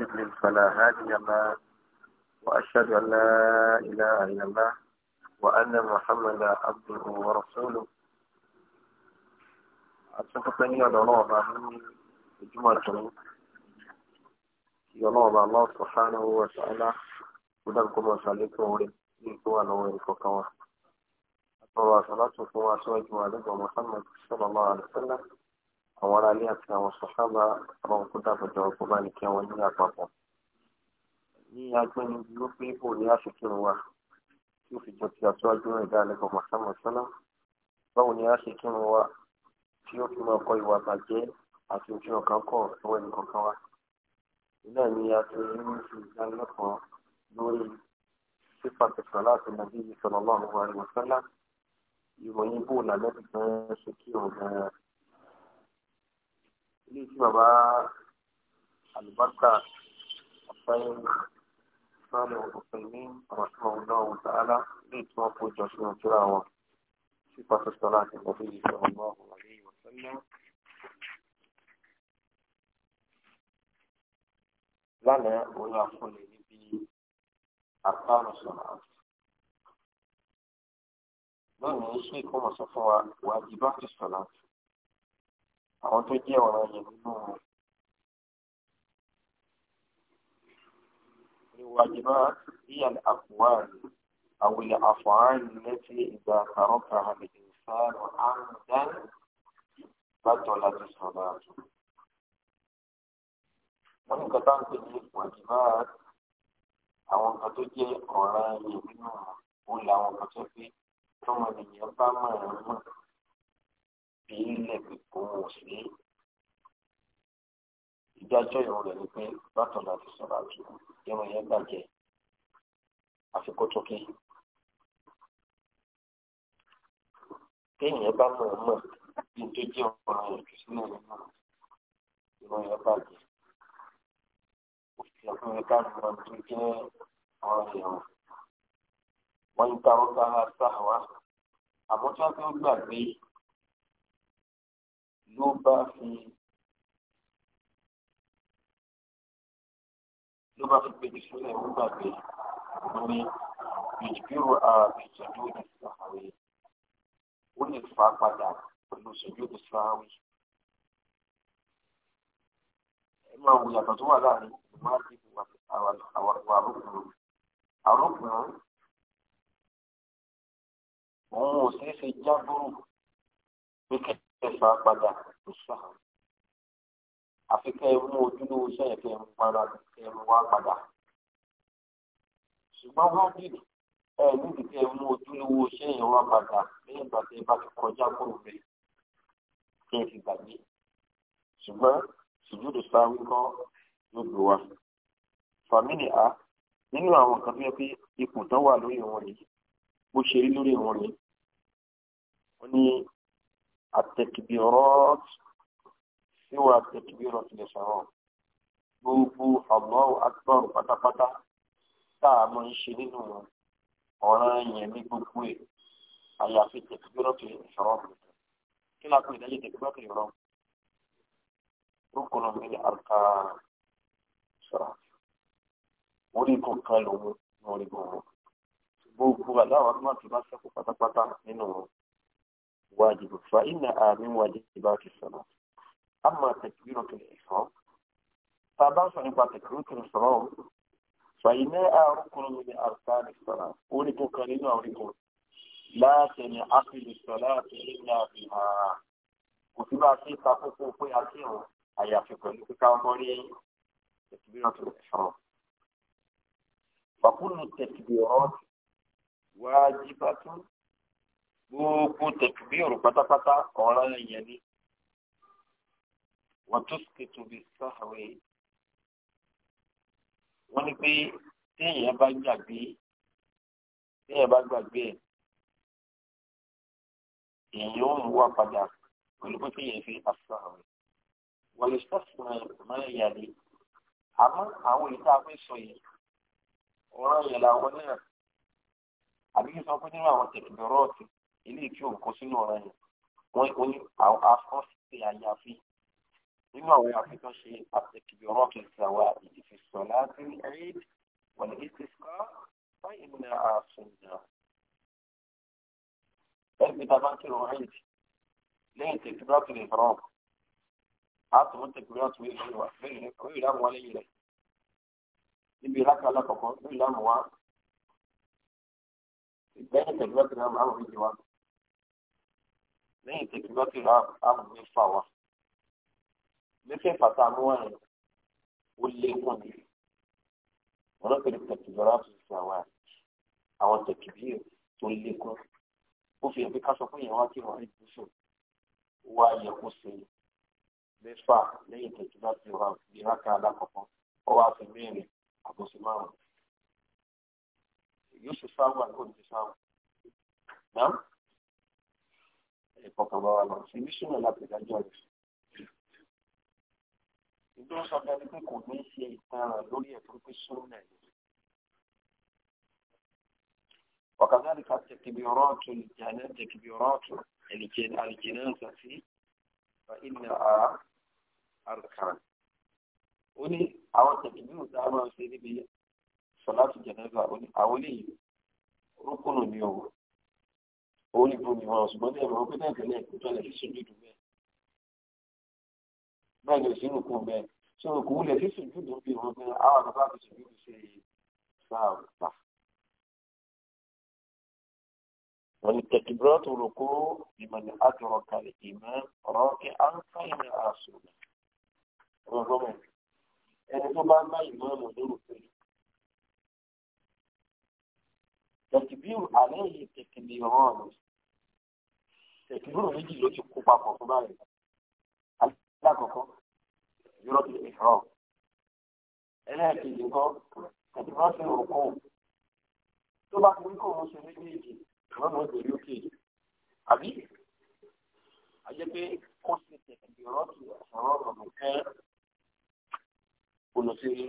يضلل فلا هادي له واشهد ان لا اله الا الله وان محمدا عبده ورسوله اتفقنا ان الله جمعتنا يا الله سبحانه وتعالى ودعكم وصليكم ورسولكم ونوركم الله صلاة وسلام على محمد صلى الله عليه وسلم àwọn ará ilé àti àwọn sọ̀hábà àwọn kó dàgbàjọ kó bá ní kí wọn ní àpapọ̀ ní agbẹ́ni wípé ó ní àṣekírun wa tí ó fi jọ ti àtúwájú rẹ̀ dáadẹ́kọ̀ màsámàsánà báwo ni àṣekírun wa tí ó fi máa kọ ìwà bàjẹ́ àti ojú ọ̀kan kọ̀ lọ́wọ́ ẹnìkọ̀ọ̀kan wa náà ni a ti rí ní ti lórí sípàtì sọ̀lá nàbí sallallahu alaihi wasallam ìròyìn ilé tí bàbá àlùbáṣà àfáyé sọ́ọ̀lù òfin ní ọ̀rọ̀ náà wò sáálá ilé tí wọ́n kó jọ sínú kíra wọn sí pàṣẹ sọ́lá àti ìgbàgbé yìí sọ̀rọ̀ náà wọ̀ ní ìwọ̀sán náà. lánàá òun yà fún mi níbi àpárọ̀ sọ̀rọ̀ lónìí ṣé ìkọ́mọ̀sọ fún wa wàá di bá ti sọ̀rọ̀ àti. àwọn tó jẹ́ ọ̀ràn yẹn nínú ìwàjìbá ìyá àkùwárì àwìlẹ̀ àfọ̀hánì lẹ́tí ìgbà àkàrọ̀kà àmìlẹ̀ ìsáàrù àmìdán látọ̀ láti sọ̀rọ̀ àjò. wọ́n ní nǹkan tá ń pè ní ìwàjìbá àwọn nǹkan tó jẹ́ ọ̀ràn yẹn nínú òun làwọn nǹkan tó fi tọ́mọ ènìyàn bá mọ̀ ẹ́ mọ̀ fi ilẹ̀ kíkó wò sí. ìdájọ́ ìrun rẹ̀ ni pé bákan náà ti sọ̀rọ̀ àti irun yẹn bàjẹ́ àfikún tó kí. téèyàn bá mọ̀ ọ́ mọ̀ bí tó jẹ́ ọ̀rọ̀ rẹ̀ jù sílẹ̀ nínú irun yẹn bàjẹ́. ó fi ọ̀pọ̀ yẹn ká mọ tó jẹ́ ọ̀rọ̀ ìrun. wọ́n yí tarọ́ta sáà wá àmọ́ tí wọ́n fi ń gbàgbé ló bá fi ló bá fi péjú sílẹ̀ ó gbàgbé lórí ìjìbìrò ààbì ìjọdún ìsàwé ó lè fà á padà pẹ̀lú ìṣojú ìsàwé. ẹ máa wo yàtọ̀ tó wà láàrin ìwádìí àwọn àrùkùnrin àrùkùnrin òun ò ṣeé ṣe jágbóró pé kẹ́kẹ́ ẹ̀fà padà tó sàn án. àfi kẹ́ ẹ mú ojúlówó sẹ́yìn kẹ́ ẹ mú padà kẹ́ ẹ mú wá padà. ṣùgbọ́n wá dìde ẹ nídìí kẹ́ ẹ mú ojúlówó sẹ́yìn wá padà lẹ́yìn ìgbà tẹ́ ẹ bá ti kọjá kúrò bẹ́ẹ̀ kẹ́ ẹ fi gbàgbé. ṣùgbọ́n sùjúdù sáré kọ́ ló wa. fàmílì a nínú àwọn kan tó yẹ pé ipò tán wà lórí wọn yìí bó ṣe rí lórí wọn yìí. wọ́n ní التكبيرات سوى التكبيرة الإحرام gbogbo Allahu Akbar pátápátá tá a mọ̀ ń ṣe nínú ọ̀ràn yẹn ní gbogbo ẹ̀ àyàfi tẹ̀kígbọ́rọ̀kì ìṣòro kí ni a kò ìdájọ́ tẹ̀kígbọ́rọ̀kì ìṣòro rúkọ̀nà mi ní àrùkà sọ̀rọ̀ orí kò kan lòun ní orí gbogbo gbogbo Allahu Akbar tó واجب فإن من واجبات الصلاة أما تكبيرة الإحرام فبعض عند تكبيرة الإحرام فإنها ركن من أركان الصلاة أولئك كريم أولئك لا تنعقد الصلاة إلا بها وفيما في تقوم في أكيد أي في كل كامل تكبيرة الإحرام فكل التكبيرات واجبة gbogbo tẹkbíru pátápátá ọ̀ràn yẹn ni wọ́n tún kìtù bí sáhàwé wọ́n ní pé téèyàn bá gbàgbé téèyàn bá gbàgbé ẹ̀ èèyàn ò ń wá padà pẹ̀lú pé téèyàn fi àsáhàwé wọ́n lè sọ́sùn mẹ́rin yàrá àmọ́ àwọn èyí tá a yìí ọ̀ràn yẹn làwọn náà àbí sọ pé nínú àwọn tẹkbírọ̀tì ilé tí ò kó sínú ọ̀rọ̀ yẹn wọ́n ní àkọsí àyàfi nínú àwọn àfikún ṣe àtẹkìbí ọ̀rọ̀ kẹsì àwa ìdìfẹ́ sọ láti ẹ̀ẹ́d wọ̀n ní ti sọ báyìí ní àṣùn náà. ẹgbẹ́ tá a bá kírun ẹ̀ẹ́d lẹ́yìn tẹ̀kìbí ọ̀tún lè fọ́rọ̀ àtúntò tẹ̀kìbí ọ̀tún lè fọ́rọ̀ lórí ìdáhùn wọn lẹ́yìn rẹ̀ níbi ìlàkà alákọ̀ọ́kọ́ lórí ìdáhùn wọn lẹ́yìn tẹ̀kìbí ọ̀tún lè fọ́rọ̀ lẹ́yìn tí bílọ́ọ̀kì àmú mẹ́fà wà mẹ́fẹ̀ẹ́fà tá a mú wà yẹn ó lékún ni wọn pè ní tẹkìbìrà tó ti àwọn àwọn tẹkìbìrì tó lékún ó fi hàn pé ká sọ fún ìyàwó àti ìwà ìbùsùn wá yẹ kó ṣe mẹ́fà lẹ́yìn tẹkìbìrà tó wà bí rákà alákọ̀ọ́kọ́ ọ wá fi mẹ́rin àbọ̀sí márùn-ún yóò ṣe sáwọn àgbọ̀n ti sáwọn ìfọkànbá wa lọ sí ní súnmọ́ láti dájọ́ rẹ̀. ìgbó sọ fún ẹni pé kò ní í ṣe ìtanràn lórí ẹ̀fọ́ pé súnmọ́ ẹ̀. وكذلك التكبيرات يعني التكبيرات الجنازة فإنها أركان ó ní àwọn tẹ̀kínú tá a máa ṣe níbi sọ̀láàtì jẹ̀nẹ́fà ó ní àwọn orí ìbomi wọn ṣùgbọ́n ní ẹ̀rọ pé náà tẹ̀lé ẹ̀kú tó lẹ̀ sí sùjúdù bẹ́ẹ̀ bẹ́ẹ̀ ni òsì rùkú bẹ́ẹ̀ ṣé rùkú wúlẹ̀ sí sùjúdù bí wọn bẹ́ẹ̀ àwọn àgbà fi sùjúdù ṣe sáà pa. wọ́n ní tẹ̀kìbúrọ́ tó rùkú ìmọ̀lẹ̀ àjọrọ̀ kalẹ̀ ìmọ̀ ọ̀rọ̀ kí á ń fẹ́yìn àṣọ rọ̀rọ̀mọ̀ ẹni tó bá que ìmọ̀ ọ̀rọ̀ lórúkọ yìí تكبير عليه تكبيران tẹ̀síbúrò méjì ló ti kó papọ̀ fún báyìí alákọ̀ọ́kọ́ yọrọ ti ìfọ̀ ẹlẹ́ẹ̀kejì ńkọ́ tẹ̀síbúrò ti rò kó tó bá ti rí kó wọn ṣe méjèèjì wọn náà gbèrú òkè àbí àjẹ pé kó ṣe tẹ̀síbúrò ti ọ̀rọ̀ ọ̀rọ̀ kẹ́ olùsírí.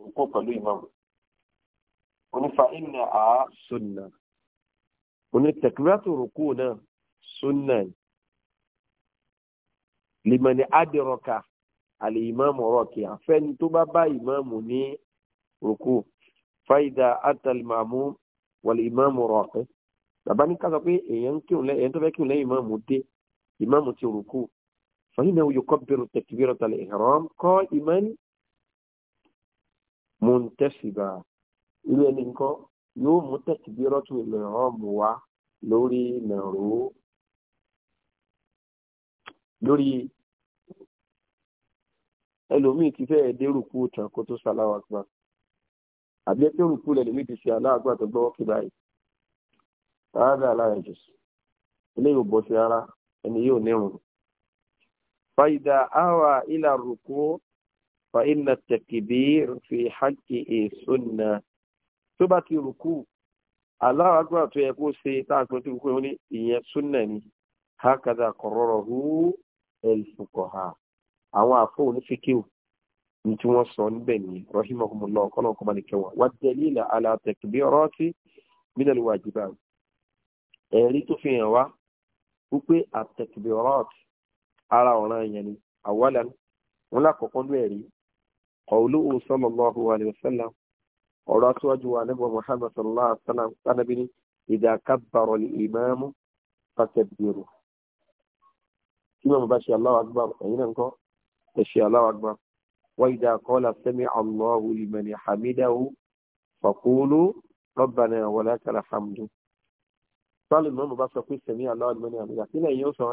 Òkú pẹ̀lú ìmọ̀ràn onífa ìnà á sunna oní tẹkíwátò rúkú náà sunna limani adirọka àlè ìmáàmù rọkì àfẹni tó bá bá ìmáàmù ní rúkú fàyídà àtàlìmàmù wàlè ìmáàmù rọkì bàbá ní ká sọ pé èèyàn kírun lẹ́yìn èèyàn tó fẹ́ kírun lẹ́yìn ìmáàmù dé ìmáàmù ti rúkú fàyínà yukọbìrù tẹkíwírọtàlì ìhẹrọm kọ ìmánì mùntẹsíbà irú ẹni nǹkan yóò mú tẹ̀síbírọ́tù ìmọ̀ràn wá lórí ìmọ̀ràn lórí ẹlòmíì ti fẹ́ dérùkú tàn kó tó ṣàláwà gbà àbí ẹgbẹ́ òrùkú lẹ́lòmíì ti ṣe aláàgbà tó gbọ́wọ́ kí báyìí rárá alára jù ilé yóò bọ́ sí rárá ẹni yóò nírun. fàyídà àwà ìlà rùkú fa inna takbir fi haqqi e sunna tó bá ti rùkú aláwàgbà tó yẹ kó ṣe tá a pè tó kú ní ìyẹn súnà ni hakada qarrarahu al-fuqaha àwọn àfọ onífíkìw ní tí wọ́n sọ níbẹ̀ ni rahimahumullah kọ́nà ọkọ̀ bá ní kẹwàá wà dalila ala takbirati minal wajibat ẹ̀rí tó fi hàn wá wípé at-takbirat ara ọ̀ràn yẹn ni àwọ̀lẹ̀ wọn lákọ̀ọ́kọ́ ní ẹ̀rí qawluhu ọ̀rọ̀ aṣíwájú wa nígbà Muhammad sallallahu alaihi wa sallam sánábí ní idha kabbara al-imamu fakabbiru tí màmú bá ṣe Allahu akbar ẹ̀yin náà nǹkan ẹ̀ ṣe Allahu akbar wa idha qala sami'a Allahu liman hamidahu faqulu rabbana wa lakal hamdu sọ́ọ̀lù mọ́mù bá sọ pé sẹ̀mí aláwọ̀ lọ́nà àmìlà sílẹ̀ yìí sọ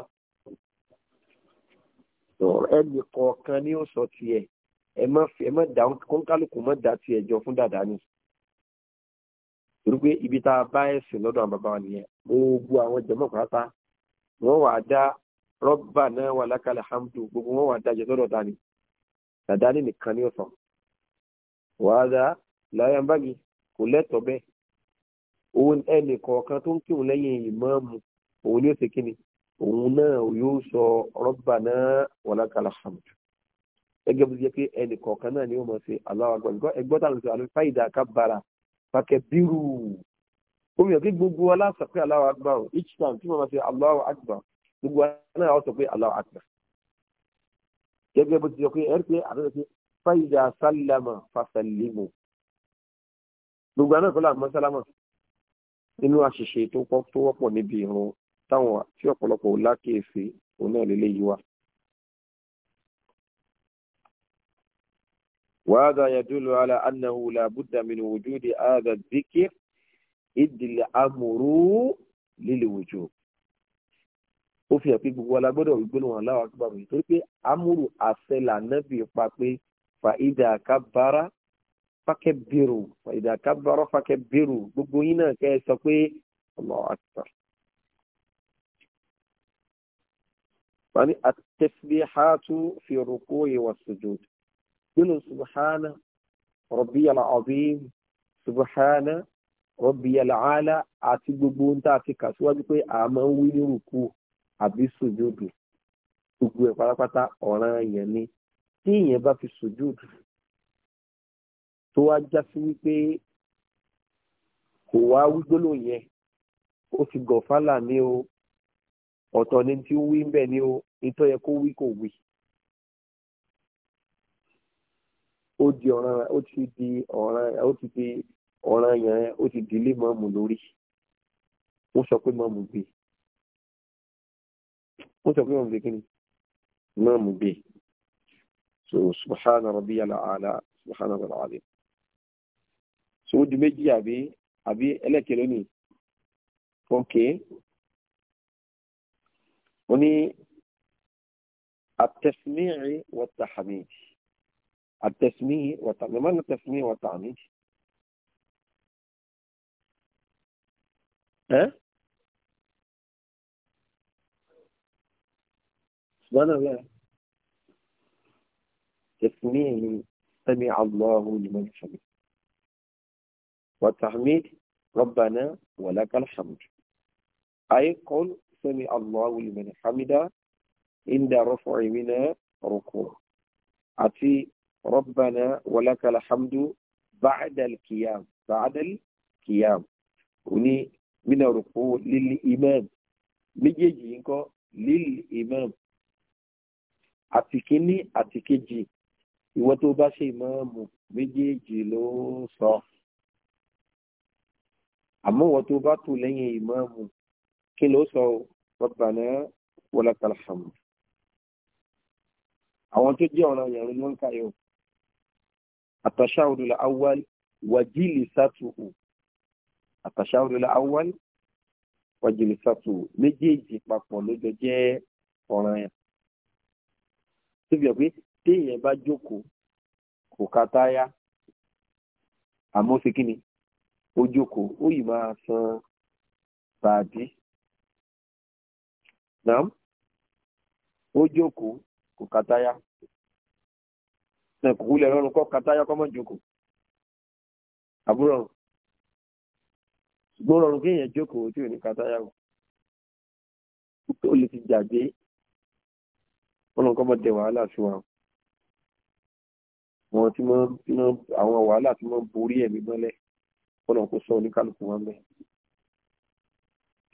ẹnì kọ̀ọ̀kan ni ó sọ tiẹ̀ ẹ má ẹ má dá kọ́ńkálùkù má dá tiẹ̀ jọ fún dàdá ni torí pé ibi tá a bá ẹ̀sìn lọ́dọ̀ àwọn bàbá wa nìyẹn gbogbo àwọn jẹ̀mọ́ pátá wọ́n wà á dá rọ́bà náà wà lákàlẹ̀ hamdu gbogbo wọn wà á dájọ́ lọ́dọ̀ dání dàdá ni nìkan ní ọ̀sán wàá dá láyà ń báyìí kò lẹ́tọ̀ọ́ bẹ́ẹ̀ òun ẹnì kọ̀ọ̀kan tó ń kírun lẹ́yìn ìmáàmù òun yóò ṣe kíni òun náà yóò sọ rọ́bà náà wà lákàlẹ̀ hamdu gẹ́gẹ́ bí jẹ́ pé ẹnì kọ̀ọ̀kan náà ni ó mọ̀ sí Allahu Akbar ẹgbọ́n tàbí sọ àlùfáà ìdàkà bàrà pàkẹ́ bírù omi ọ̀gẹ́ gbogbo wa láti sọ pé Allahu Akbar o each time tí wọ́n máa ṣe Allahu Akbar gbogbo wa náà ó sọ pé Allahu Akbar gẹ́gẹ́ bó ti sọ pé ẹ̀rí pé àtọ́jọ́ pé fàyídà sálámà fàṣàlímù gbogbo àná ìkọlá àmọ́ sálámà nínú àṣìṣe tó wọ́pọ̀ níbi ìrun táwọn tí ọ̀pọ̀lọpọ̀ lákèéfì òun náà lélẹ́yìí wa وهذا يدل على أنه لا بد من وجود هذا الذكر إذ الأمر للوجوب ó fi hàn pé gbogbo alágbọ́dọ̀ gbólóhùn Allahu Akbar nítorí pé amúrù àṣẹlà nẹ́bì pa pé fàìdà kábàárà fàkẹ́bìrù fàìdà kábàárà fàkẹ́bìrù gbogbo yín náà kẹ́ ẹ sọ pé Allahu Akbar. wọ́n ní at-tasbihatu fi ruku'i was sujud gbólóhùn subhana ربي العظيم subhana ربي العالى àti gbogbo ohun tá a ti kà síwájú pé a máa ń wí ní rúkú àbí sùjúdù gbogbo ẹ̀ pátápátá ọ̀ràn yẹn ni tí ìyẹn bá fi sùjúdù tó wá já sí wípé kò wá wí yẹn ó ti gọ̀fálà ní o ọ̀tọ̀ ni tí ń wí ń bẹ̀ ní o ìtọ́ yẹ kó wí kò wí ó di ọ̀ràn ó ti di ọ̀ràn ó ti di ọ̀ràn yẹn ó ti di ilé mọ́mù lórí wọ́n sọ pé mọ́mù gbé wọ́n sọ pé mọ́mù gbé kí ni mọ́mù gbé so subhana rabbiyal ala subhana rabbiyal ala so ó di méjì àbí àbí ẹlẹ́kẹ̀ lónìí ok ó ní التسميع والتحميد التسمية والتعميم ما التسمية والتعميم؟ ها؟ سبحان الله تسميه سمع الله لمن حمد والتحميد ربنا ولك الحمد أي قل سمع الله لمن حمد عند رفع من ركوع أتي ربنا ولك الحمد بعد القيام بعد القيام وني من الركوع للإمام méjèèjì ينكو kọ́ lílì imam àti kínní àti kejì ìwọ tó bá ṣe ìmáàmù méjèèjì ló sọ àmọ́ ìwọ tó bá tù lẹ́yìn ìmáàmù kí ló sọ rabbana walakal hamd àwọn tó jẹ́ ọ̀ranyàn ni wọ́n ń kà التشهد الأول وجلسته التشهد الأول وجلسته méjèèjì papọ̀ ló jọ jẹ́ ọ̀ràn yẹn tó fi hàn pé téèyàn bá jókòó kò ka táyà àmọ́ ṣe kí ó jókòó ó yìí máa san bàdí nàám ó jókòó kò ka táyà náà kò wúlẹ̀ rọrùn kọ́ katáyà kọ́ mọ́ jókòó àbúrò ṣùgbọ́n rọrùn kéèyàn jókòó tí ò ní katáyà wò ó lè ti jàgbé ọlọ́run kọ́ mọ́ dẹ wàhálà sí wa wọn tí wọ́n àwọn wàhálà tí wọ́n borí ẹ̀mí mọ́lẹ̀ ọlọ́run kò sọ oníkálukú wọn bẹ́ẹ̀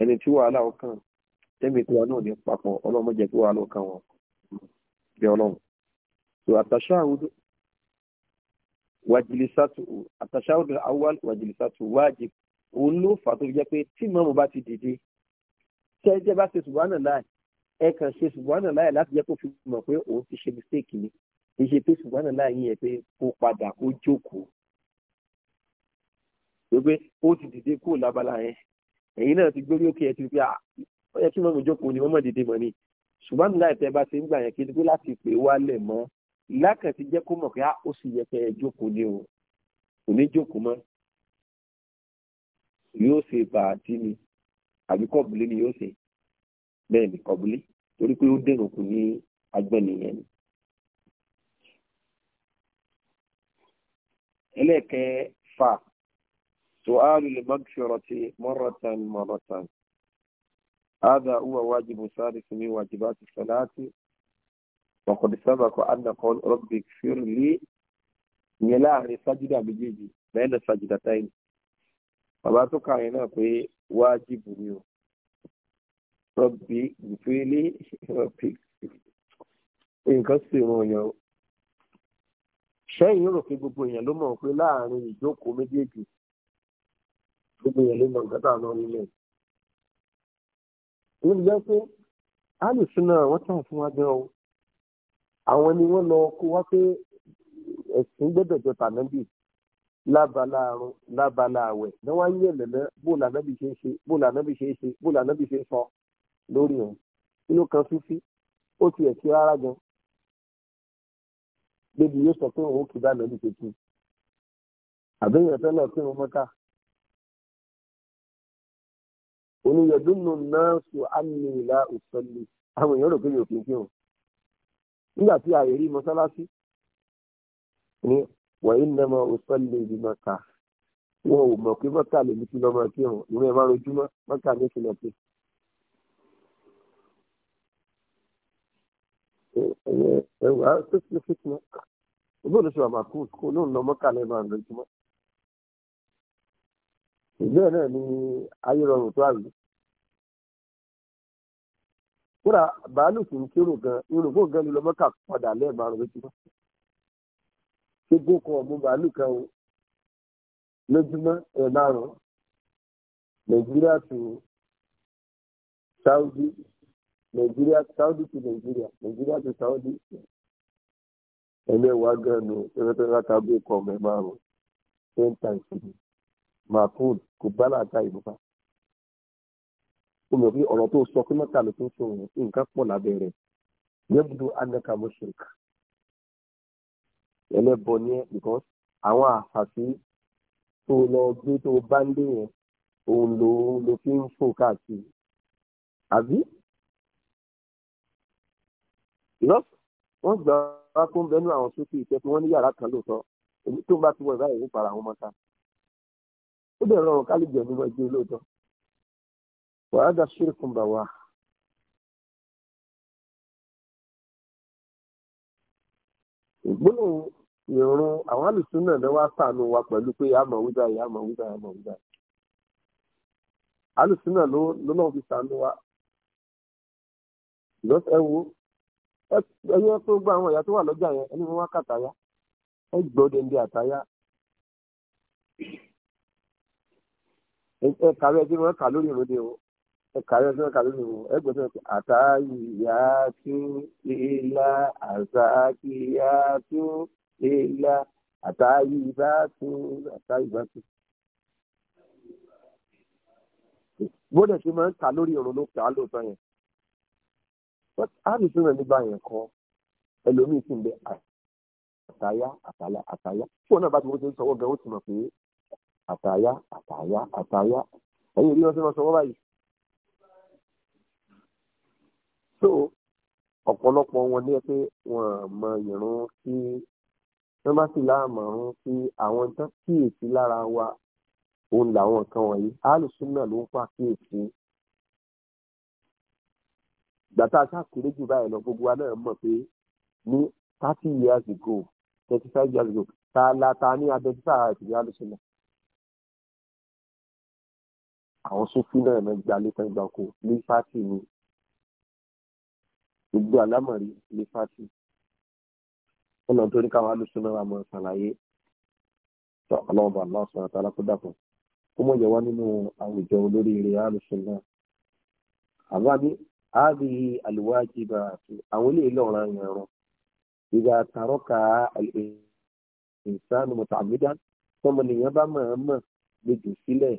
ẹni tí wàhálà ọkàn tẹ́mi tí wọn náà ní papọ̀ ọlọ́run jẹ́ kí wàhálà ọkàn wọn bí ọlọ́run so àtàṣáhùd wàjìlísàtù àtàṣáhùd awal wàjìlísàtù wájib òun ló fà tó fi jẹ́ pé tí mọ́mù bá ti dìde tẹ́jẹ́ bá ṣe subhana láì ẹ kàn ṣe subhana láì láti jẹ́ kó fi mọ̀ pé òun ti ṣe mistake ni kì í ṣe pé subhana láì yẹn pé kó padà kó jókòó pé ó ti dìde kúrò lábala yẹn ẹ̀yin náà ti gbórí òkè ẹ̀ ti pé ah, ó yẹ kí mọ́mù jókòó ni mọ́mọ́ dìde mọ́ ni subhana láì tẹ́ bá ṣe ń gbà lákàn ti jẹ́ kó mọ̀ pé ah, ó sì yẹ kẹ́ ẹ jókòó ní o kò ní jókòó mọ́ yóò ṣe bàtí ni àbí kọ̀bùlé ni yóò ṣe bẹ́ẹ̀ ni kọ̀bùlé torí pé ó dèrò kù ní agbọ́n ni. ẹlẹ́ẹ̀kẹ́ fà su'alu lil maghfirati marratan marratan hadha huwa wajibu sadis min wajibati salati. وقد سبق أن قول رب اغفر لي يلا سجدة بجيجي بين السجدتين bàbá tó kàrin náà pé wájibù ni o rọbì ìfúrélé rọbì nǹkan sì rún yàn o sẹ́yìn rò pé gbogbo èèyàn ló mọ̀ pé láàrin ìjókòó méjèèjì gbogbo èèyàn ló mọ̀ nǹkan tá à ń lọ nílẹ̀ níbi jẹ́ pé alùsùn náà wọ́n tàn fún wa gan o àwọn ni wọ́n lọ kó wá pé ẹ̀sìn gbọ́dọ̀ jọ tànábì lábala àrùn lábala àwẹ̀ ni wọ́n á yẹ̀ lẹ́lẹ́ bó lànábì ṣe é ṣe bó lànábì ṣe é ṣe bó lànábì ṣe é sọ lórí ẹ̀ inú kan fífi ó ti ẹ̀sìn rárá gan débi yóò sọ pé òun ò kí bá nàbì ṣe kí àbẹ̀yẹ̀ tẹ́lẹ̀ pé òun mọ́ta oníyẹ̀dúnnù náà sọ àmì ìlà òsọ̀lẹ̀ àwọn èèyàn rò pé yóò kí n kí òun nígbà tí ààyè rí mọ́sálásí ní wàyí nàmọ òsàlẹ̀ ìdí mọ́ta wọn ò mọ̀ pé mọ́ta lè ní kí lọ́mọ kí wọn ìwé máa rojúmọ́ mọ́ta ní kí lọ́ọ́ pé. ẹwà tó ti fi kó lóun lọ mọ́ta lè máa rojúmọ́. ìgbẹ́ náà ni ayé rọrùn tó àrùn kódà bàálù kì í kírun gan irun kó gan ni lọ mọ́kà padà lẹ́ẹ̀márùn lójúmọ́ gbogbo kan ọ̀mú bàálù kan o lójúmọ́ ẹ̀ẹ̀márùn nàìjíríà tó sáúdí nàìjíríà sáúdí tó nàìjíríà nàìjíríà tó sáúdí ẹ̀mẹ́wàá gan ni ẹ̀rẹ́tẹ́rẹ́ ká kọ́ ọmọ ẹ̀ẹ̀márùn ten times máa kúrò kò bá làákà ìbùkún o mọ̀ pé ọ̀rọ̀ tó sọ pé mọ́tà ló tún sọ nǹkan pọ̀ lábẹ́ rẹ̀ yẹ́bùdó anaka mushrik ẹlẹ́bọ ni ẹ because àwọn àfàṣí tó lọ gbé tó bá ń dé yẹn òun ló ló fi ń fò káàkiri àbí lọ́s wọ́n gbà wá tó ń bẹnu àwọn sókè ìfẹ́ tí wọ́n ní yàrá kan lóòótọ́ èmi tó ń bá ti wọ ìbáyìí nípa àwọn ọmọ ta ó bẹ̀rẹ̀ ọ̀rọ̀ kálíjẹ̀ ní wọ́n gbé lóòótọ́. وهذا شرك بواه ìgbóhùn ìrún àwọn àlùsùn náà lọ naa sànù wa pẹ̀lú pé àmọ̀ wíjà yìí àmọ̀ wíjà ya àmọ̀ wíjà yìí àlùsùn náà ló náà fi sànù wa lọ́sẹ̀ ẹ wo ẹyẹ tó gbọ́ àwọn ìyá tó wà lọ́jà yẹn ẹni wọn ẹ̀kàrí ọjọ́ ẹ̀kàrí ni o ẹgbẹ́ sọ pé àtàyè ìyá tó ilá àtàkì ìyá tó ilá àtàyè ìbá tó àtàyè ìbá tó. bóde ṣe máa ń ta lórí ọ̀run ló kà á lóòótọ́ yẹn áàbì sínú nígbà yẹn kọ ẹlòmíì sì ń bẹ àtàyà àtàyà àtàyà fún ọ̀nà àbájọ tó ń sọwọ́ gan ó ti mọ̀ pé àtàyà àtàyà àtàyà ẹ̀yìn ìrírí wọn ti máa báyìí. so ọ̀pọ̀lọpọ̀ wọn ní ẹ pé wọn mọ ìrun tí wọ́n bá sì láàmọ̀rún sí àwọn tán kíyèsí lára wa òun làwọn nǹkan wọ̀nyí alùsùn náà ló ń pa kíyèsí gbàtà sákòrè jù báyìí lọ gbogbo wa náà mọ̀ pé ní thirty years ago thirty five years ago ta la ta ní abẹ́tísà ìpínlẹ̀ alùsùn náà àwọn sófin náà náà gbalé tán gbà kó ní pátì ni gbogbo àlámọ̀rí ní fásitì ọ̀nà tó ní káwọn alùsùnà wa mọ̀ ṣàlàyé tó ọlọ́ọ̀bà aláṣọ àtàlà kó dàpọ̀ kó mọ̀ jẹ́ wá nínú àwùjọ olóríire alùsùnà àbá mi àbí àlùwájì bá àwọn ilé ilé ọ̀ràn yẹn rọ ìgbà àtàrọ́kà ìsánù mọ̀tàmídá tọmọnìyàn bá mọ̀ ọ́n mọ̀ gbèjò sílẹ̀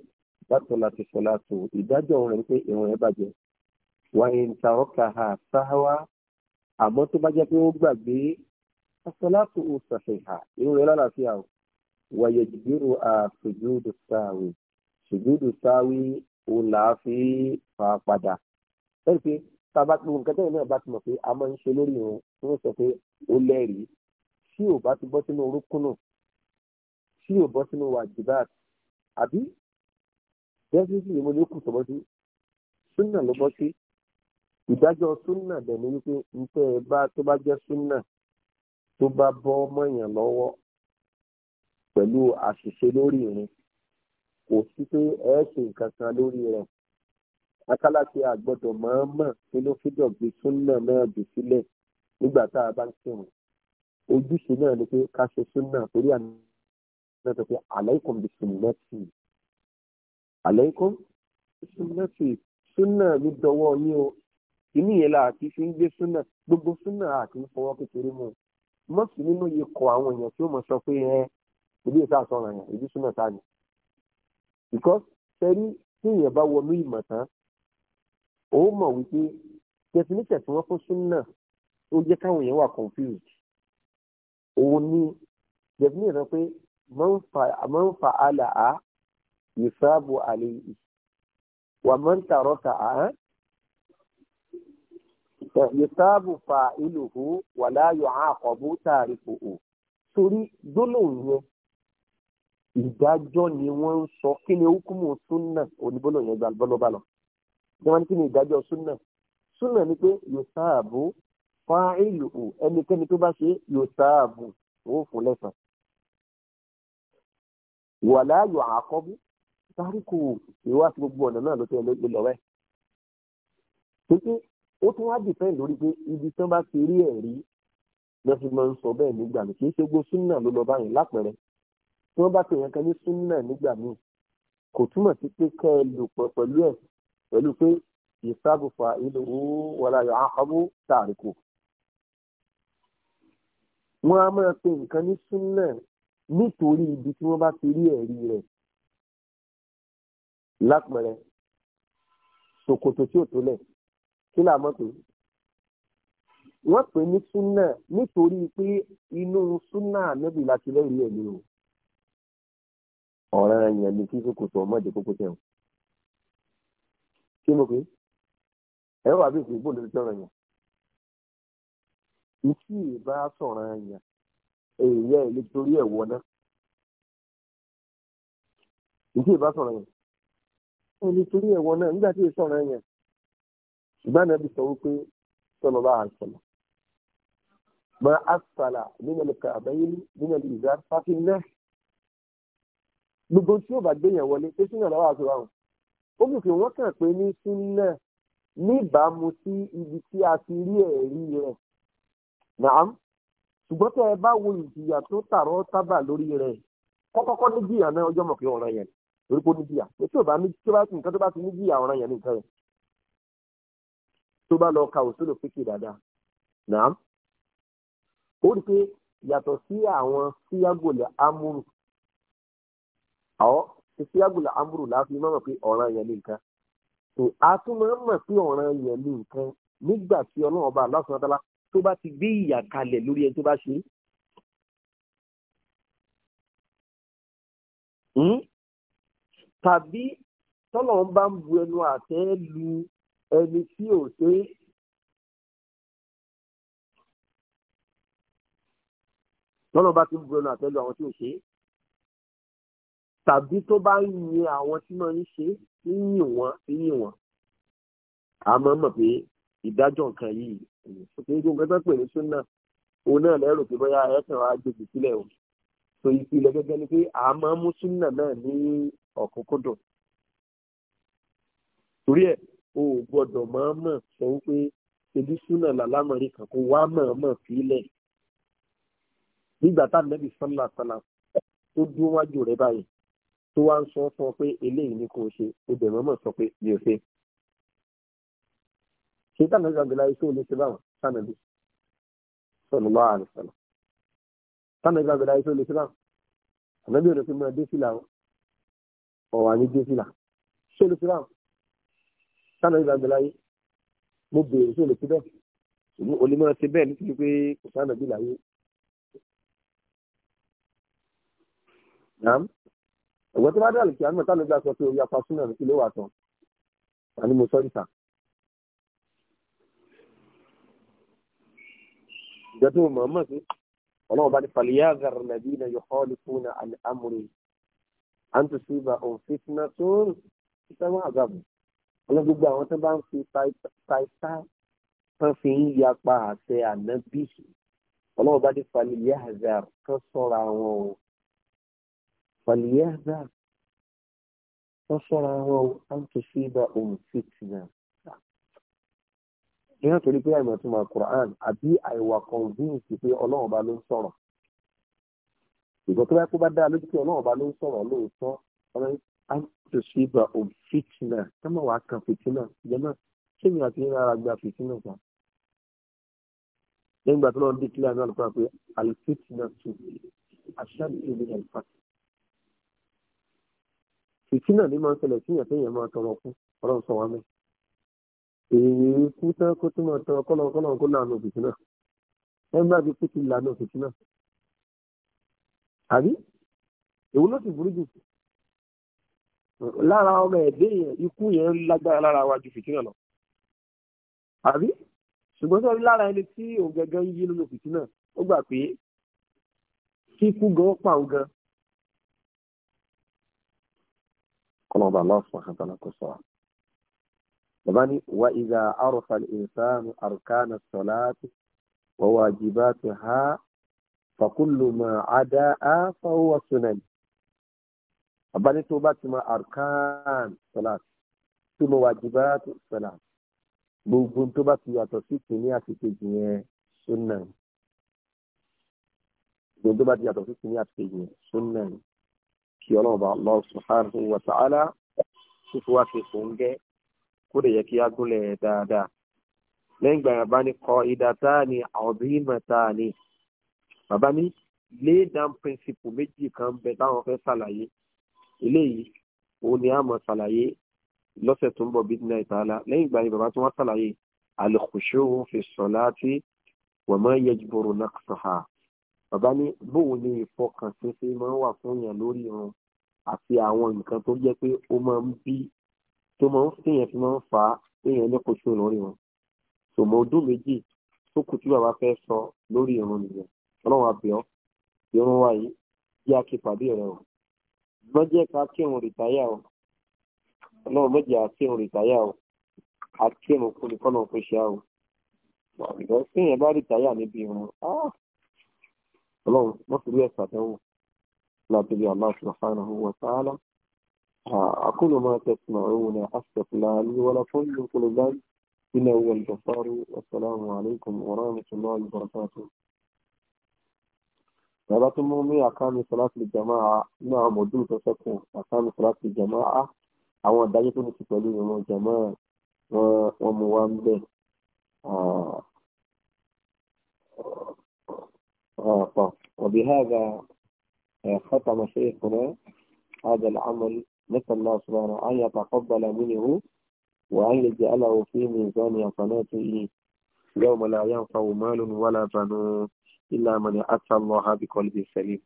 látọ̀ láti sọ̀ látò ìdájọ́ rẹ̀ pé ìrun ẹ̀ bàjẹ́ wà ń tàrọ́kà ha sáháwá àmọ́ tó bá jẹ́ pé ó gbàgbé asọ́látò òṣàfihà irú rẹ̀ lálàáfíà o wà yẹ jìbìrò à sùjúdù sáwì sùjúdù sáwì ò láàfi fà padà. lẹ́yìn pé tá a nǹkan tẹ́lẹ̀ náà bá ti mọ̀ pé a máa ń ṣe lórí irun tí wọ́n sọ pé ó lẹ́rìí tí ò bá ti bọ́ sínú orúnkúnù tí ò bọ́ sínú wàjibáàt àbí dẹ́sítì ni mo súnà ló bọ́ sí ìdájọ́ súnà dẹ̀ ni wípé nítẹ́ ẹ bá tó bá jẹ́ súnà tó bá bọ́ mọ̀yàn lọ́wọ́ pẹ̀lú àṣìṣe lórí ìrìn kò sí pé ẹ ṣe nǹkan kan lórí rẹ̀ akálàṣe àgbọ̀dọ̀ máa ń mọ̀ pé ló fi dọ̀gbé súnà náà jù sílẹ̀ nígbà tá a bá ń kírun ojúṣe náà ni pé ká ṣe súnà torí àná náà tó pé alaykum bí súnà tì alaykum súnà tì dọwọ́ ní o kìíní yẹn la àti fi ń gbé súnà gbogbo súnà àti ń fọwọ́ kékeré mu mọ́sí nínú yìí kọ àwọn èèyàn tí ó mọ̀ sọ pé ẹ ìdí ìta àtọ̀ràn yẹn ìdí súnà ta ni. because sẹ́rí tí èèyàn bá wọnú ìmọ̀ tán ó mọ̀ wípé definition tí wọ́n fún súnà ó jẹ́ káwọn èèyàn wà confused òun ni definition náà pé máa ń fa àlà á ìfáàbò àlè yìí wà máa ń tààrọ̀ tà yusabu fa'iluhu wala yu'aqabu tarikuhu torí gbólóhùn yẹn ìdájọ́ ni wọ́n ń sọ kí ni hukumu sunna onígbólóhùn yẹn gbàlọ́bà lọ ni wọ́n ní kí ni ìdájọ́ sunna sunna ni pé yusabu fa'iluhu ẹnikẹ́ni tó bá ṣe yusabu wọ́n fún lẹ́sàn wàlá yu'aqabu tarikuhu ìwà àti gbogbo ọ̀nà náà ló tẹ̀ lọ́wẹ́ ó tún wá dìpẹ́ lórí pé ibi tí wọ́n bá ti rí ẹ̀rí lọ́sùn máa ń sọ bẹ́ẹ̀ nígbà mi kì í ṣe gbó súnà ló lọ báyìí lápẹ̀rẹ̀ tí wọ́n bá ti yàn kan ní súnà nígbà míì kò túmọ̀ sí pé kẹ́ ẹ lò pọ̀ pẹ̀lú ẹ̀ pẹ̀lú pé ìsábùfà ìlú wàlá yọ àhábù tààríkù. wọ́n á máa pe nǹkan ní súnà nítorí ibi tí wọ́n bá ti rí ẹ̀rí rẹ̀ lápẹ̀rẹ̀ ṣòkòtò tí ò tó lẹ̀ kí là mọ̀ pé wọ́n pè ní súnà nítorí pé inú súnà ànábì láti lẹ́rìí ẹ̀ ní o ọ̀ràn yẹn ni kí kòkòtò ọmọdé kókó tẹ̀ o kí mo pè é ẹ̀rọ àbí ìpínlẹ̀ ìbòlè tẹ̀ ọ̀ràn yẹn ìtì ìbá sọ̀ràn yẹn èyí ẹ̀ lè torí ẹ̀ wọ náà ìtì ìbá yẹn ẹ̀ ẹ̀ wọ nígbà tí ì sọ̀ràn yẹn ṣùgbọ́n nàbí sọ wípé sọlọ bá àṣọlọ ma asfala nínú ẹlẹka àbẹyẹlí nínú ẹlẹ ìzá fáfin náà gbogbo tí ó bá gbéyàn wọlé pé sínú ọlọ́wọ́ àti ọ̀hún ó mú kí wọ́n kàn pé ní súnà níbàámu sí ibi tí a ti rí ẹ̀rí rẹ̀ nàám ṣùgbọ́n tẹ́ ẹ bá wo ìjìyà tó tààrọ́ sábà lórí rẹ̀ kọ́kọ́kọ́ níjìyà náà ọjọ́ mọ̀ pé ọ̀ràn yẹn torí pé ó níjìyà pé tí ò bá nǹkan tó bá ọ̀ràn yẹn nìkan yẹn tó bá lọ ka òṣèlú fíkì dáadáa náà ó rí i pé yàtọ̀ sí àwọn síyágòlẹ̀ amúrù àwọn síyágòlẹ̀ amúrù láti mọ̀ pé ọ̀ràn yẹn ní nǹkan tó a tún máa ń mọ̀ pé ọ̀ràn yẹn ní nǹkan nígbà tí ọlọ́run ọba aláṣọ adala tó bá ti gbé ìyà kalẹ̀ lórí ẹni tó bá ṣe é. Hmm? tàbí tọ́lọ̀ bá ń bu ẹnu àtẹ́ lu ẹni tí ò ṣe é. lọ́nà bá ti ń gbóná àtẹ́lu àwọn tí ò ṣe é tàbí tó bá ń yin àwọn tí máa ń ṣe é ń yìn wọ́n ń yìn wọ́n a máa mọ̀ pé ìdájọ́ nǹkan yìí kì í gbóngbẹ́ tó pè ní súnà òun náà lẹ́rù pé bóyá ẹ̀sìn wa gbèsè sílẹ̀ o so ìpìlẹ̀ gẹ́gẹ́ ni pé a máa mú súnà náà ní ọ̀kúnkúndùn torí ẹ̀ o ò gbọ́dọ̀ mọ̀ọ́mọ̀ sọ wípé ṣebí súnà làlámọ̀rí kan kó wá mọ̀ọ́mọ̀ fílẹ̀ nígbà tá nẹ́bí sọ́nà sọ́nà tó dúró wájú rẹ̀ báyìí tó wá ń sọ fún ọ pé eléyìí ni kò ṣe o bẹ̀ mọ́mọ́ sọ pé mi ò ṣe. ṣé táwọn ẹgbẹ́ àgbẹ̀lá iṣẹ́ olè ṣe báwọn sànàbí sọ̀nù lọ́wọ́ àrùn sọ̀nù. táwọn ẹgbẹ́ àgbẹ̀lá iṣẹ́ olè ṣe báwọn ànábì òde fi mọ́ dé fìlà ọ̀wà ní dé fìlà ṣé olè báwọn sánà ìgbàgbé láyé mo béèrè sí olùkí bẹ́ẹ̀ ṣùgbọ́n olè máa ṣe bẹ́ẹ̀ nítorí pé kò sánà bí láyé. Nàám ẹ̀gbọ́n tó bá dà lùkì àmì sánà ìgbà sọ pé orí apá súnà ilé wà tán àní mo sọ ìta. Ìjọ tó mọ̀ mọ̀ sí ọlọ́run bá ní fàlìyàgàr nàbí na yukhalifuna àmúre àǹtí sí ibà òun fitna tó ń sáwọn àgàbọ̀. wọn gbogbo àwọn tó bá ń fi taita tán fi ń yapa àṣẹ ànábì ọlọ́wọ́ bá dé faliyahza tán sọ̀rọ̀ àwọn o faliyahza tán sọ̀rọ̀ àwọn o tán tó fi bá ohun fìtìnà. ìyá torí pé Quran àbí àìwà convince pé ọlọ́wọ́ an tó ṣe ibà òun fìtínà tó mọ̀ wá kan fìtínà jẹ́nà ṣé mi àti yín ara gba fìtínà kan lẹ́yìn ìgbà tó lọ́n dé kílíà náà lọ́kọ́ pé àlùfìtínà tó àṣàbí ìlú ẹ̀fà fìtínà ní máa ń ṣẹlẹ̀ sí ìyàtọ̀ yẹn máa tọrọ kú ọlọ́run sọ wá mẹ́ èyí kú tán kó tó máa tọrọ kọ́lọ́n kọ́lọ́n kó lànà fìtínà ẹ̀ bá ti kú ti lànà fìtínà àbí èwo ló ti burú jù lára ọmọ ẹ̀dẹ́ yẹn ikú yẹn lágbára lára wa ju fìtínà lọ àbí ṣùgbọ́n sọ́ọ́ lára ẹni tí òun gẹ́gẹ́ yí nínú fìtínà ó gbà pé kíkú gan pa òun gan. kọlọ́ọ̀bà lọ́sùn àkàtàlà kò sọ wa. bàbá ní wa ìgbà àròfà ìsánù àrùkánà sọ̀láàtì wọ́wọ́ àjìbá ti ha fàkúlùmọ̀ àdá á fọwọ́ sùnà yìí bàbá ní tó bá ti arkan salat tó mọ wajibat salat gbogbo tó bá ti yàtọ̀ sí kìíní àti kejì yẹn Sunnah. gbogbo tó bá ti yàtọ̀ sí kìíní àti kejì yẹn sunna kí ọlọ́run bá Allah subhanahu wa ta'ala tó fi wá ṣe fòun gẹ́ kó lè yẹ kí á gúnlẹ̀ dáadáa lẹ́yìn ìgbà yàrá ní kọ ìdàtà ni ọ̀bìnmẹ̀ta ni bàbá ní lay down principle méjì kan bẹ táwọn fẹ́ ṣàlàyé eléyìí òun ni a mọ̀ ṣàlàyé lọ́sẹ̀ tó ń bọ̀ bíi náà ìtàlá lẹ́yìn ìgbà yẹn bàbá tí wọ́n ṣàlàyé àlùkùṣe òun fi ṣọ̀láàtì wọ́n máa ń yẹ jùbọ̀rọ̀ náà sọ̀hà bàbá ní bóun ni ìfọkànsínsín máa ń wà fún yàn lórí irun àti àwọn nǹkan tó jẹ́ pé ó máa ń bí tó máa ń fìyàn fi máa ń fà á èèyàn ní kòṣù lórí irun tòmọ̀ ọdún méjì tó kù tí bàbá fẹ́ sọ lórí irun nìyẹn ọlọ́run àbíọ́ irun wa yìí jẹ́ àkípàdé rẹ̀ o lọ́jẹ́ ká kírun rìtáyà o ọlọ́run lọ́jẹ́ àkírun rìtáyà o àkírun kò ní kọ́nà òfin ṣá o ìgbà tí èèyàn bá rìtáyà níbi ìrun ọlọ́run wọ́n fi rí ẹ̀sà tẹ́wò lábẹ́lé Allah subhanahu wa ta'ala أقول ما تسمعون أستغفر الله لي ولكم من كل ذنب إنه هو الغفار والسلام عليكم ورحمة الله وبركاته bàbá tó mú mí àkámi sọláṣí jamaa nínú àwọn mọ̀dúrù tó sẹ́kùn àkámi sọláṣí jamaa àwọn ìdájọ́ tó ní ti pẹ̀lú ìrun jamaa wọn mú wá ń bẹ̀ وبهذا ختم شيخنا هذا العمل نسأل الله سبحانه أن يتقبل منه وأن يجعله في ميزان حسناته يوم لا ينفع مال ولا بنون إلا من أتى الله بقلب سليم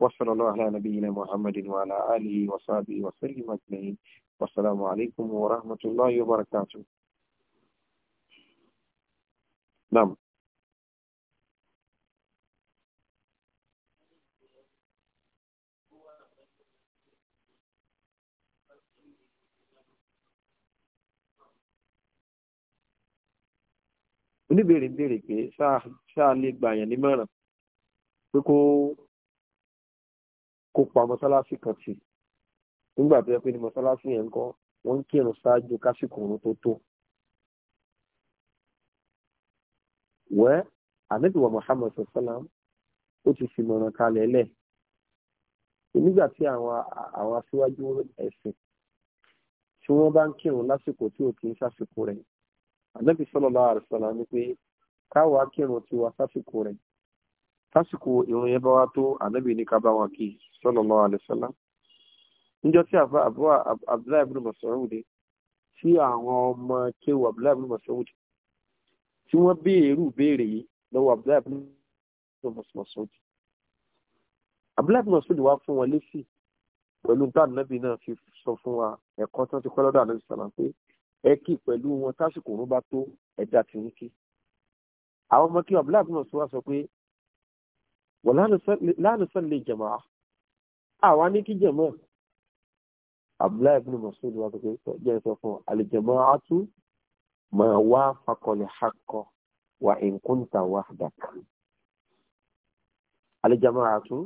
وصلى الله على نبينا محمد وعلى آله وصحبه وسلم أجمعين والسلام عليكم ورحمة الله وبركاته نعم oníbèrè ń béèrè pé ṣáà lè gba àyàn nímọ̀ràn pé kó kó pa mọ́sálásí kan tì nígbà tó yẹ pé ní mọ́sálásí yẹn ń kọ́ wọ́n ń kírun ṣáájú kásìkò òun tó tó. wẹ́ ànábìwọ̀ Muhammad sallam ó ti fi mọ̀ràn kalẹ̀ lẹ̀ nígbà tí àwọn aṣíwájú ẹ̀sìn tí wọ́n bá ń kírun lásìkò tí ò kì í ṣàsìkò rẹ̀ ànábì sallallahu alaihi wasallam ni pé káwa kírun tiwa sásìkò rẹ̀ sásìkò ìrun yẹn bá wá tó ànábì ní ká bá wọn kí sallallahu alaihi wasallam níjọ́ tí àbúrò abdullahi ibn Mas'ud tí àwọn ọmọ kéwù abdullahi ibn Mas'ud tí wọ́n béèrú béèrè yìí lọ́wọ́ abdullahi ibn Mas'ud abdullahi ibn Mas'ud wá fún wọn lésì pẹ̀lú táàdì nábì náà fi sọ fún wa ẹ̀kọ́ tí wọ́n ti kọ́ lọ́dọ̀ ànábì sàlám pé ẹ kí pẹ̀lú wọn tásìkò òun bá tó ẹ̀dá tí ń kí. àwọn ọmọ kí abúlé àbúrò sọ wá sọ pé wọ́n lánàá sọ́lé jẹ̀mọ́ àwa ní kí jẹ̀mọ́ abúlé àbúrò mọ̀sọ́lé wá sọ pé jẹ́ sọ fún àlejẹ̀mọ́ àtú mà wá fakọlẹ̀ hakọ wà nkúntà wà dàkà àlejẹ̀mọ́ àtú.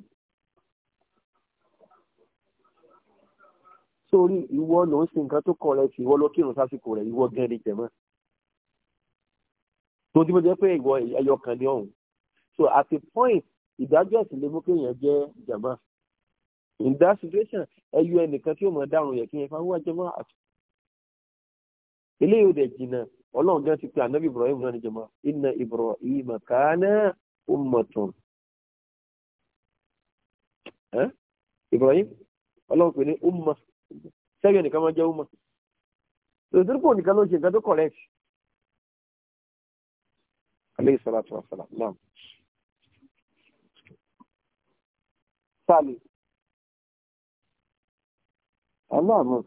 sórí ìwọ ló ń ṣe nǹkan tó correct ìwọ ló kírun sásìkò rẹ̀ ìwọ gan ni jẹ̀mọ́ tó ti mọ̀ jẹ́ pé ìwọ ẹyọ kan ní ọ̀hún so at a point ìdájọ́ ẹ̀sìn lè mú kéèyàn jẹ́ jẹ̀mọ́ in that situation ẹyọ ẹnìkan tí ó mọ̀ dárun yẹ kí yẹn fáwọn jẹ̀mọ́ àti eléyìí ò dẹ̀ jìnnà ọlọ́run gan ti pe ànábì Ibrahim náà ní jẹ̀mọ́ inna Ibrahim kana ummatan Ibrahim ọlọ́run pè ní ummah sẹ́yìn nìkan máa jẹ́ ọmọ tòtúrúkọ nìkan ló ṣe nǹkan tó correct aleyhi salatu wa salam naam sáàlì aláàmọ́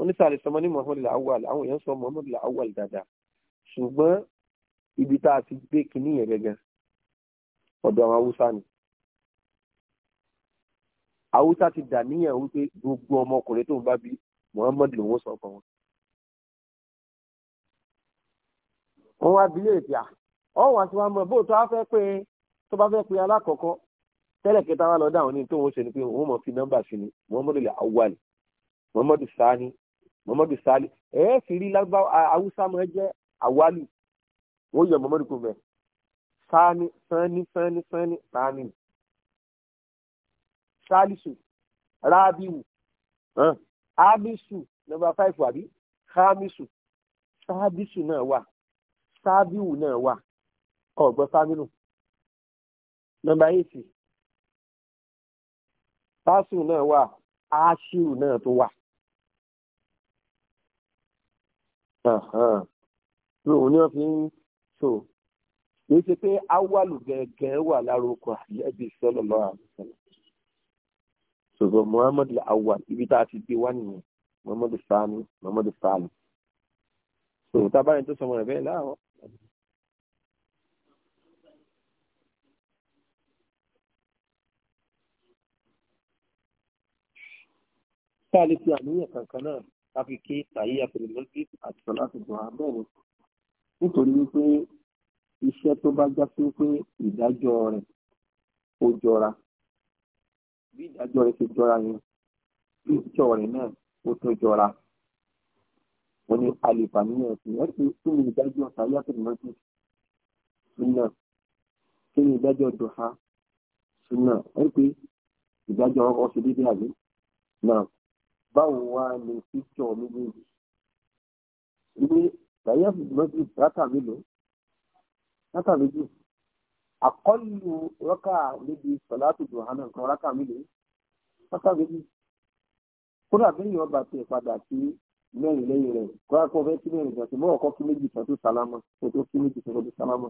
onísàlẹ̀ sọmọ ní muhammadu lawal àwọn èèyàn sọ muhammadu lawal dáadáa ṣùgbọ́n ibi tá a ti gbé kinní yẹn gẹ́gẹ́ ọ̀dọ̀ àwọn haúsá ni haúsá ti dà níyàn wípé gbogbo ọmọkùnrin tó ń bá bí muhammed lòún sọ fún wọn. wọ́n wá bí léèpì à ọ̀hún wá sí wa mọ̀ bóòtọ́ á fẹ́ pé tó bá fẹ́ pé alákọ̀ọ́kọ́ tẹ́lẹ̀ kẹta wa lọ dáhùn ní tó ń ṣe ni pé òun mọ̀ fi nọ́mbà sí ni muhammed lè awal muhammed sani muhammed sali ẹ̀ẹ́ sì rí lágbáwá haúsá mọ̀ ẹ́ jẹ́ awali wọ́n yọ muhammed kò bẹ̀ sani sani sani sani sani salisu rabiu amisu nọ́mbà five àbí hamisu sábìsù náà wà Sabiu? náà wà ọ̀gbọ́n sábìnù nọ́mbà eight pásù náà wà áṣíù náà tó wà. lóun ni wọ́n fi ń so kì í ṣe pé awálù gẹ́gẹ́ wà lárúkọ àyẹ̀bí sọ́lọ́lọ́ àbísọ́lọ́ ṣùgbọ́n muhammadu awwal ibi tá a ti gbé wá nìyẹn muhammadu sani muhammadu sani so tábàáyé tó sọmọ rẹ̀ bẹ́ẹ̀ láàárọ̀. tá a lè fi àníyàn kankan náà láfi ké tàyé àpèlémọ́sí àti sọláṣí tó hàn bẹ́ẹ̀ ni nítorí wípé iṣẹ́ tó bá já sí pé ìdájọ́ rẹ̀ ó jọra bí ìdájọ́ rẹ̀ ṣe jọra yẹn bí ìjọ rẹ̀ náà ó tún jọra wọ́n ní àlèfà nínú ẹ̀sìn ẹ̀ ti kí ni ìdájọ́ sàyàtọ̀ mọ́tì súnà kí ni ìdájọ́ dùhà súnà ẹ̀ pé ìdájọ́ ọ̀sẹ̀ dídí àbí náà báwo wá ní píkọ̀ méjèèjì ìwé sàyàtọ̀ mọ́tì látà mélòó látà méjì àkọlù rọ́kà níbi sọ̀látù duhana nǹkan rọ́kà mélòó rọ́kà méjì kódà bí èèyàn bá ti padà sí mẹ́rin lẹ́yìn rẹ̀ kódà kó fẹ́ kí mẹ́rin kí méjì sọ́tò sálámà kó tó kí méjì sọ́tò sálámà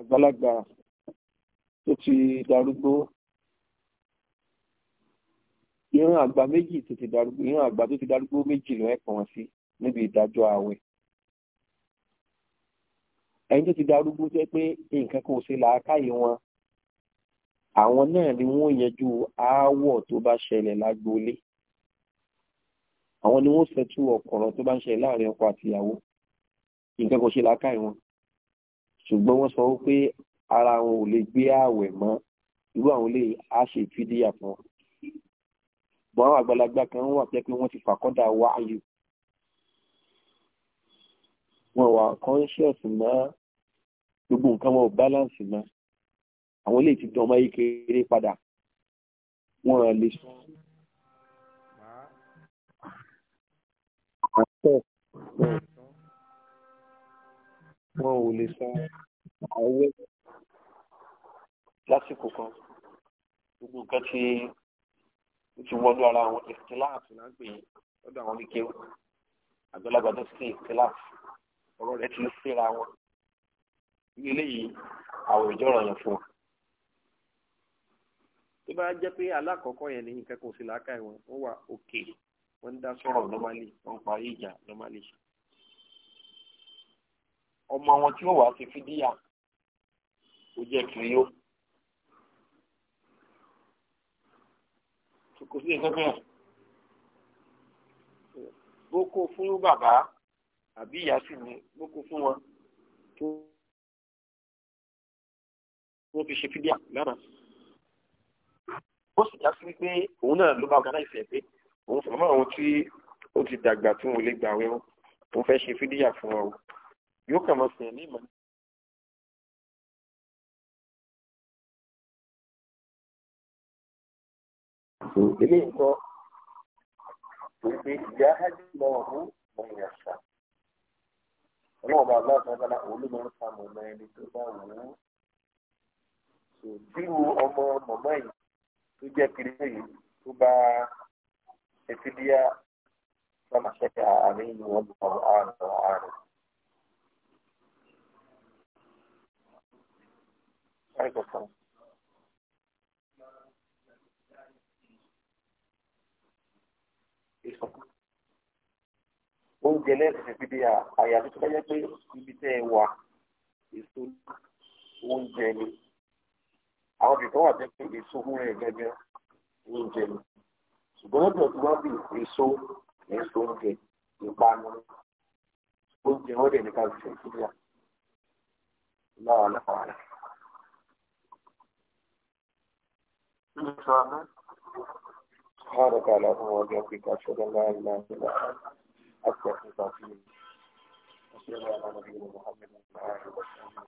àgbàlagbà tó ti darúgbó ìran àgbà méjì tó ti darúgbó ìran àgbà tó ti darúgbó méjì ló ẹ̀pọ̀ wọn sí níbi ìdájọ́ ààwẹ̀ ẹni tó ti darúgbó jẹ́ pé nǹkan kò ṣe làákàyè wọn àwọn náà ni wọ́n yẹjú aáwọ̀ tó bá ṣẹlẹ̀ lágboolé àwọn ni wọ́n ṣẹtú ọ̀kọ̀rọ̀ tó bá ń ṣẹlẹ̀ láàrin ọkọ àti ìyàwó nǹkan kò ṣe làákàyè wọn ṣùgbọ́n wọ́n sọ pé ara wọn ò lè gbé ààwẹ̀ mọ́ irú àwọn lè á ṣe ìfídíyà fún wọn àwọn àgbàlagbà kan wà pé pé ti fàkọ́dà wá wọn wà conscious mọ́ gbogbo nǹkan wọn ò balance mọ́ àwọn ilé ìtìtàn ọmọ yìí kéré padà wọn lè sọ àpọ̀ wọn ò lè sọ àwẹ́ lásìkò kan gbogbo nǹkan tí ó ti wọ́n lára àwọn ìkìláàfù náà gbé lọ́dọ̀ àwọn oníkéwù àgbàlagbà tó sì ìkìláàfù ọ̀rọ̀ rẹ̀ ti ń fẹ́ra wọn ní eléyìí àwọn ìjọ́ràn yẹn fún wa tó bá jẹ́ pé alákọ̀ọ́kọ́ yẹn ní nǹkan kò sí làákà ìwọ̀n wọ́n wà òkè wọ́n ń dá sọ̀rọ̀ normally wọ́n ń parí ìjà normally. ọmọ wọn tí ó wàá fi fídíà ó jẹ́ kìrìó. kò sí ìtọ́jú ẹ̀. boko fún bàbá àbí ìyá sì ni boko fún wọn tó fi ṣe fídíà lánàá ó sì já sí wípé òun náà ló bá ọ̀gá náà ìfẹ́ pé òun fún àwọn tí ó ti dàgbà tí wọn lè gbà wẹ́wọ́ òun fẹ́ ṣe fídíà fún ọ yóò kàn mọ́ sí ẹ̀ ní ìmọ̀ ilé nǹkan wípé ìyá hajj lọ́wọ́ fún ọmọ ìyàṣà ọlọ́wọ́ bá bá ọ̀sán dáná òun ló máa ń fa mọ̀mọ́ ẹni tó bá wù ú. tí wo ọmọ mọ̀mọ́ yìí tó jẹ́ kiri yìí tó bá ẹtìdíyà sama ṣẹ́ka àárín ìlú ọ̀gbọ̀n àrùn àrùn. Oúnjẹ lẹ́sìn fi bí a àyàfi tó bá jẹ́ pé ibi tẹ́ ẹ wà èso oúnjẹ ni àwọn kìkan wà tẹ́kẹ́ èso fún rẹ̀ gẹ́gẹ́ ní oúnjẹ ni ṣùgbọ́n lọ́dọ̀ tí wọ́n bí èso èso oúnjẹ ìpanu oúnjẹ wọ́n dẹ̀ ní ká ṣe sílẹ̀ láwa láwa rẹ̀. سبحانك اللهم وبحمدك أشهد أن لا إله إلا أنت أستغفرك وأتوب إليك وصلى الله على نبينا محمد وعلى آله